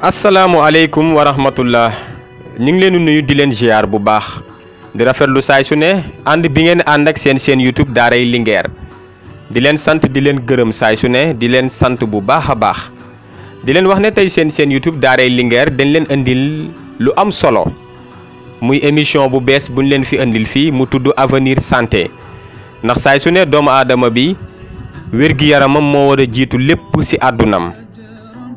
asalaamualeykum wa rahmatullah ñu ngi leen di nuyu di leen ziar bu baax di rafetlu saay su ne ànd bi ngeen ànd ak seen seen YouTube daaray Linguère di leen sant di leen gërëm saay su ne di leen sant bu baax a baax di leen wax ne tey seen seen YouTube daaray Linguère dañ leen indil lu am solo muy émission bu bees buñ leen fi indil fii mu tudd avenir sante ndax saay su ne doomu aadama bi wér-gi-yaramam moo war a jiitu lépp ci àddunam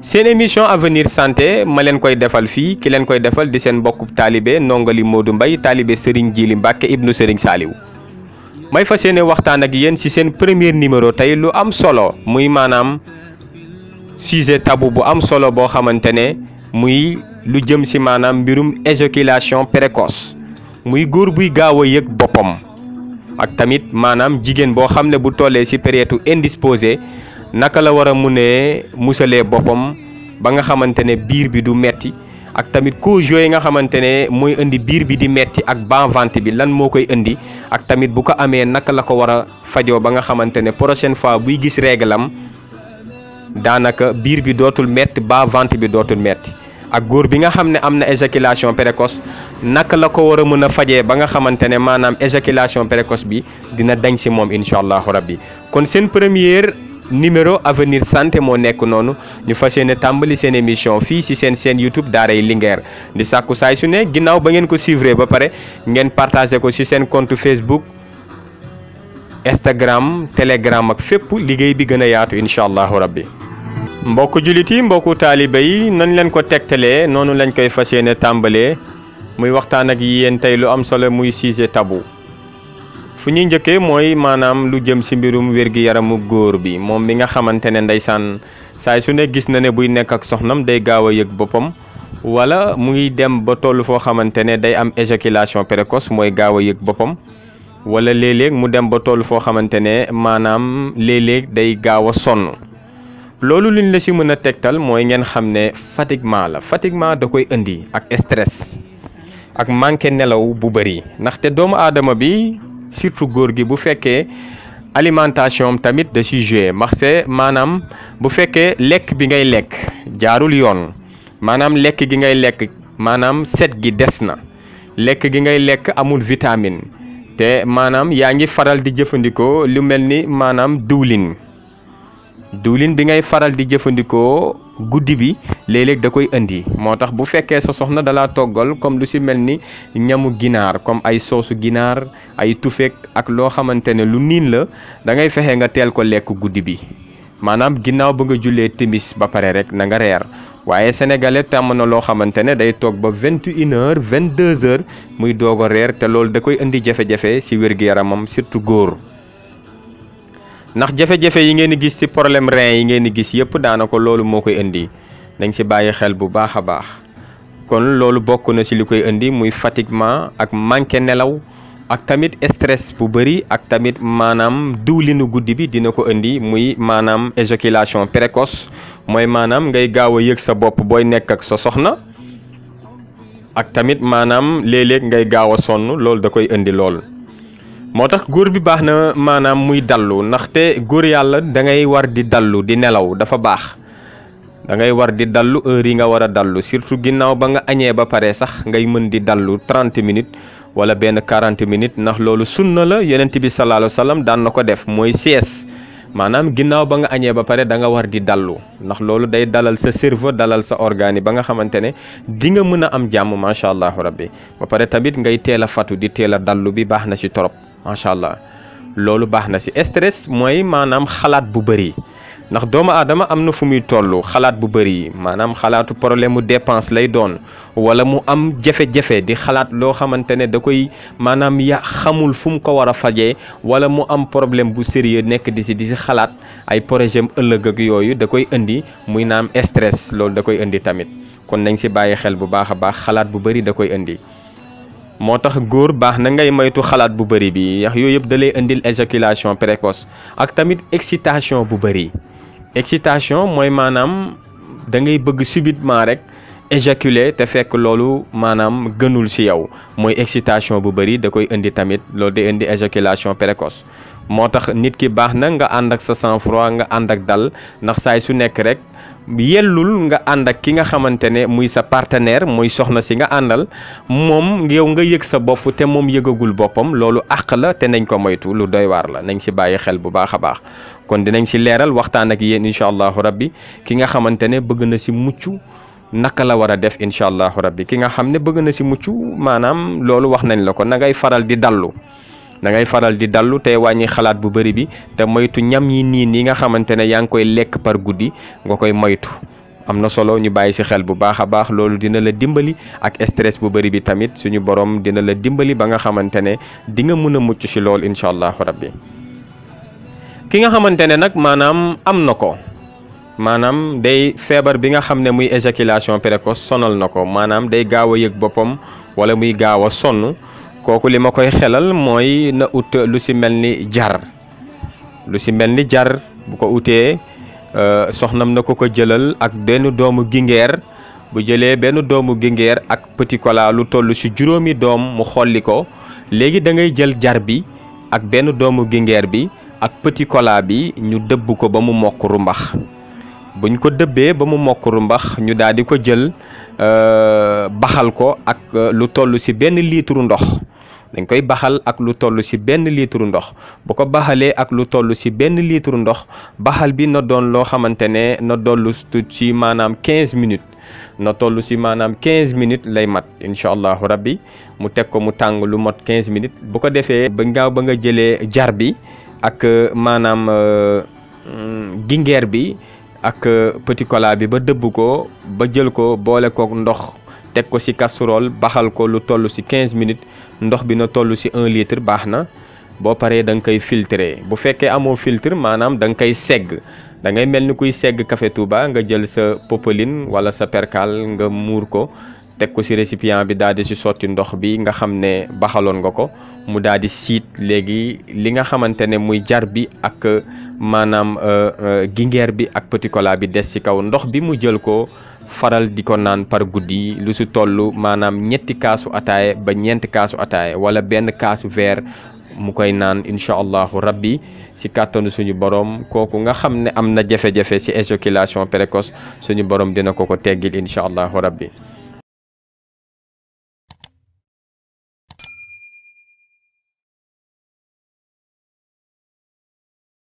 seen émission avenir santé ma leen koy defal fii ki leen koy defal di seen mbokku taalibe ndongali Modou Mbaye taalibe Serigne Djily Mbacke ibnu Serigne Saliou may fas yéene waxtaan ak yéen ci seen premier numéro tey lu am solo muy maanaam sujet tabu bu am solo boo xamante ne muy lu jëm ci maanaam mbirum éjaculation précoce muy góor buy gaaw a yëg boppam ak tamit maanaam jigéen boo xam ne bu tollee ci période indisposé naka la war a munee musalee boppam ba nga xamante ne biir bi du metti ak tamit causes yooyu nga xamante ne mooy indi biir bi di metti ak ban ventre bi lan moo koy indi ak tamit bu ko amee naka la ko war a fajoo ba nga xamante ne prochaine fois buy gis réglam daanaka biir bi dootul metti ba ventre bi dootul metti ak góor bi nga xam ne am na éjaculation précoce naka la ko war a mën a fajee ba nga xamante ne maanaam éjaculation précoce bi dina dañ si moom incha allahu rabbi kon numéro avenir santé moo nekk noonu ñu fas yéene tàmbali seen émission fii ci seen seen YouTube daaray Linguère di sàkku saay su ne ginnaaw ba ngeen ko suivre ba pare ngeen partagé ko ci seen compte Facebook Instagram Telegram ak fépp liggéey bi gën a yaatu incha allahu rabbi mbokku jullit yi mbokku taaliba yi nañ leen ko tegtalee noonu lañ koy fas yéene tàmbalee muy waxtaan ak yéen tey lu am solo muy sujet tabou fu ñuy njëkkee mooy maanaam lu jëm ci mbirum wér-gi-yaramu góor bi moom mi nga xamante ne ndeysaan saay su ne gis na ne buy nekk ak soxnam day gaaw a yëg boppam wala mu ngi dem ba toll foo xamante ne day am éjaculation précoce mooy gaaw a yëg boppam wala léeg mu dem ba toll foo xamante ne maanaam léeg-léeg day gaaw a sonn loolu liñ la ci mën a tegtal mooy ngeen xam ne fatiguement la fatiguement da koy indi ak stress ak manque nelaw bu bëri ndaxte doomu aadama bi surtout góor gi bu fekkee alimentation tamit de ci joué marché maanaam bu fekkee lekk bi ngay lekk jaarul yoon maanaam lekk gi ngay lekk maanaam set gi des na lekk gi ngay lekk amul vitamine te maanaam yaa ngi faral di jëfandikoo lu mel ni maanaam diwlin diwlin bi ngay faral di jëfandikoo guddi bi léeg-léeg da koy indi moo tax bu fekkee sa soxna dalaa toggal comme lu si mel ni ñamu ginaar comme ay soosu ginaar ay tufeek ak loo xamante ne lu niin la da ngay fexe nga teel ko lekk guddi bi maanaam ginnaaw ba nga jullee timis ba pare rek na nga reer waaye sénégalais tàmm na loo xamante ne day toog ba vingt et une heures vingt deux heures muy doog a reer te loolu da koy indi jafe-jafe si wér-gu-yaramam surtout góor ndax jafe-jafe yi ngeen di gis ci problème rein yi ngeen di gis yëpp ko loolu moo koy indi nañ ci bàyyi xel bu baax a baax kon loolu bokk na ci li koy indi muy fatiguement ak manqué nelaw ak tamit stress bu bëri ak tamit maanaam diwlinu guddi bi dina ko indi muy maanaam éjaculation précoce mooy maanaam ngay gaaw a yëg sa bopp booy nekk ak sa soxna ak tamit maanaam léeg-léeg ngay gaaw a sonn loolu da koy indi lool. moo tax góor bi baax na maanaam muy dallu ndaxte góor yàlla da ngay war di dallu di nelaw dafa baax da ngay war di dallu heure yi nga war a dallu surtout ginnaaw ba nga añee ba pare sax ngay mën di dallu trente minutes wala benn quarante minutes ndax loolu sunna la yonent bi sallallahu alayhi daan na ko def mooy sieste maanaam ginnaaw ba nga añee ba pare da nga war di dallu ndax loolu day dalal sa cerveau dalal sa organe ba nga xamante ne di nga mën a am jàmm macha allah rabbi ba pare tamit ngay teel a fatu di teel a dallu bi baax na ci trop. macha allah loolu baax na si stress mooy maanaam xalaat bu bëri ndax doomu aadama am na fu muy toll xalaat bu bëri maanaam xalaatu problème mu dépense lay doon wala mu am jafe-jafe di xalaat loo xamante ne da koy maanaam ya xamul fu mu ko war a fajee wala mu am problème bu sérieux nekk di si di si xalaat ay projet ëllëg ak yooyu da koy indi muy naam stress loolu da koy indi tamit kon nañ si bàyyi xel bu baax a baax xalaat bu bëri da koy indi. moo tax góor baax na ngay moytu xalaat bu bari bi yax yooyu yëpp dalay indil éjaculation précoce ak tamit excitation bu bëri excitation mooy maanaam da ngay bëgg subitement rek éjaculer te fekk loolu maanaam gënul ci yow mooy excitation bu bëri da koy indi tamit loolu day indi éjaculation précoce moo tax nit ki baax na nga ànd ak sa sang-froid nga ànd ak dal ndax saay su nekk rek yellul nga ànd ak ki nga xamante ne muy sa partenaire muy soxna si nga àndal moom yow nga yëg sa bopp te moom yëgagul boppam loolu àq la te nañ ko moytu lu doy waar la nañ si bàyyi xel bu baax a baax kon dinañ si leeral waxtaan ak yéen incha allahu rabbi ki nga xamante ne bëgg na si mucc naka la war a def incha allahu rabbi ki nga xam ne bëgg na si mucc maanaam loolu wax nañ la ko na ngay faral di dallu da ngay faral di dallu tey wàññi xalaat bu bëri bi te moytu ñam yi niin yi nga xamante ne yaa ngi koy lekk par guddi nga koy moytu am na solo ñu bàyyi ci xel bu baax a baax loolu dina la dimbali ak stress bu bari bi tamit suñu borom dina la dimbali ba nga xamante ne di nga mën a mucc ci lool incha allahu rabbi ki nga xamante ne nag maanaam am na ko maanaam day feebar bi nga xam ne muy éjaculation précoce sonal na ko maanaam day gaaw a yëg boppam wala muy gaaw a sonn. kooku li ma koy xelal mooy na ut lu si mel ni jar lu si mel ni jar bu ko utee euh, soxnam na ko ko jëlal ak benn doomu gingeer bu jëlee benn doomu gingeer ak petit cola lu toll si juróomi doom mu xolli ko léegi da ngay jël jar bi ak benn doomu gingeer bi ak petit bi ñu dëbb ko ba mu mokk rumbax buñ ko dëbbee ba mu mokk rumbax ñu daal di ko jël euh, baxal ko ak euh, lu toll si benn litre ndox dañ koy baxal ak lu toll ci benn litre ndox bu ko baxalee ak lu toll ci benn litre ndox baxal bi na doon loo xamante ne na dollu ci maanaam 15 minutes na toll ci maanaam 15 minutes lay mat incha allahu rabbi mu teg ko mu tàng lu mot 15 minutes bu ko defee ba ngaaw ba nga jëlee jar bi ak euh, maanaam euh, gingeer bi ak euh, petit bi ba dëbb ko ba jël ko boole kook ndox teg ko ci casserole baxal ko lu toll ci 15 minutes ndox bi na toll ci un litre baax na boo paree da nga koy filtrer bu fekkee amoo filtre maanaam da nga koy segg dangay mel ni kuy segg café Touba nga jël sa popeline wala sa percale nga muur ko teg ko ci récipient bi daal di ci sotti ndox bi nga xam ne baxaloon nga ko mu daal di siit léegi li nga xamante ne muy jar bi ak maanaam euh, euh, gingeer bi ak petit bi des ci kaw ndox bi mu jël ko. faral di ko naan par guddi lu si toll maanaam ñetti kaasu ataaya ba ñeenti kaasu ataaya wala benn kaasu verre mu koy naan incha allahu rabbi si kàttanu suñu borom kooku nga xam ne am na jafe-jafe si éjaculation précoce suñu borom dina ko ko teggil incha allahu rabbi